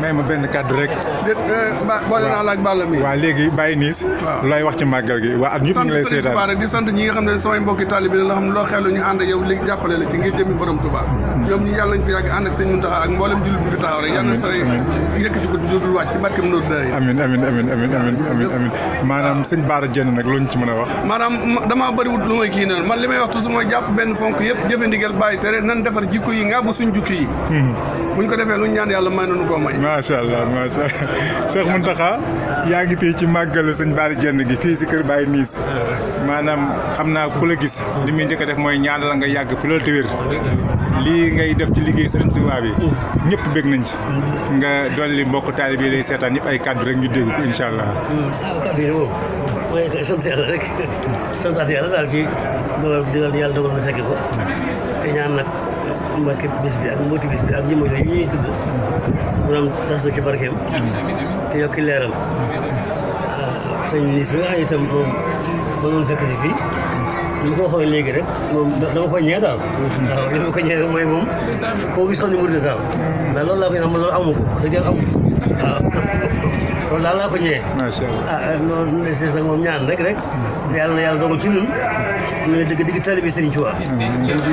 may ma benn kàddu rek. Eh, boole naa laaj bàll mi. waaw léegi bàyyi niis. waaw wax ci màggal gi waa at ñëpp ngi lay seetaan sant rek di sant ñi nga xam ne samay mbokki taalibe la xam ne xelu ñu ànd yow li jàppale la ci ngir jëmi borom Tuubaa. ñoom ñi yàlla ñu fi yàgg ànd ak sëñ Muntaxa ak mboolem jullit fi taxaw rek yàlla sa yëkkati ko dootul wàcc ci barkeem Nooru Daarayni. amiin amiin amiin amiin amiin amiin maanaam sëñ Baara Jenn nag looñu ci mën a wax. maanaam damaa bëriwut lu may kii noonu man li wax toujours mooy jàpp benn fonk yëpp jëfe ndigal bàyyi nan defar jikko yi nga bu suñ jukki yi. Hmm. buñ ko defee luñ ñaan yàlla may nañu koo may macha allah macha allah Cheikh Mountakha yaa ngi ci màggalu sëñ Bara Dieng gi fii si kër Baye Niis maanaam xam ku la gis li muy a def mooy ñaanal nga yàgg fi loolu te wér ngay def ci liggéey sëriñ bi nañ ci nga mbokk yi lay ay rek ñu dégg ko allah. mooy rek santaat yàlla daal ci dogal digal yàlla dogal na fekk ko te ñaan màgg bis bi ak mbooti bis bi ak jëmm yooyu ñuy tudd borom tas na ci barkeem te yokki leeram ah, sëñ ministre bi nga xam ne moom ba doon fekk si fii li ma ko waxoon léegi rek moom dama ko ñee daal waaw li ko ñee mooy moom koo gis xam ne murid daal ndax loolu laa koy xam loolu amu ko dëgg yàlla loolu daal laa ko ñëwee. Eh. macha allah ah, ah non monsieur Sango moom ñaan rek rek. yàlla na yàlla dogal ci ñun. ñu ne dëgg dëgg taalibe Serigne Touba. ñu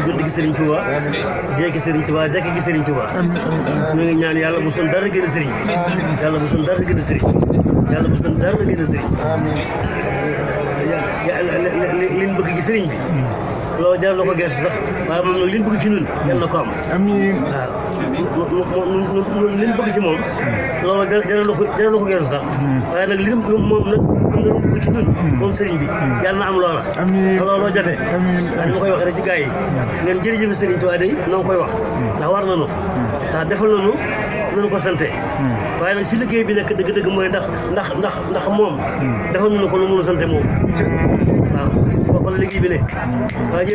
gën di gis Serigne Touba. jekki gi Serigne Touba. ñu ngi ñaan yàlla bu son dara gën a Serigne. yàlla bu son dara gën a Serigne. yàlla bu son dara gën a Serigne. liñ bëgg ci Serigne bi. loolu jar na ko gëstu sax waaye moom nag liñ bëgg ci ñun yàlla na ko am. waaw. li mu bëgg ci moom loolu jaralu ko jaralu ko geesu sax waaye nag li mu moom nag am na moom sëriñ bi yàlla na am loola looloo jafe waaye ni ma koy waxee rek ci gars yi ngeen jërëjëf sëriñ Tuubaa day na koy wax ndax war nañu ndax defal nañu nañu ko sante waaye nag si liggéey bi nekk dëgg-dëgg mooy ndax ndax ndax ndax moom defal nañu ko lu mënu sante moom waaw foofu liggéey bi ne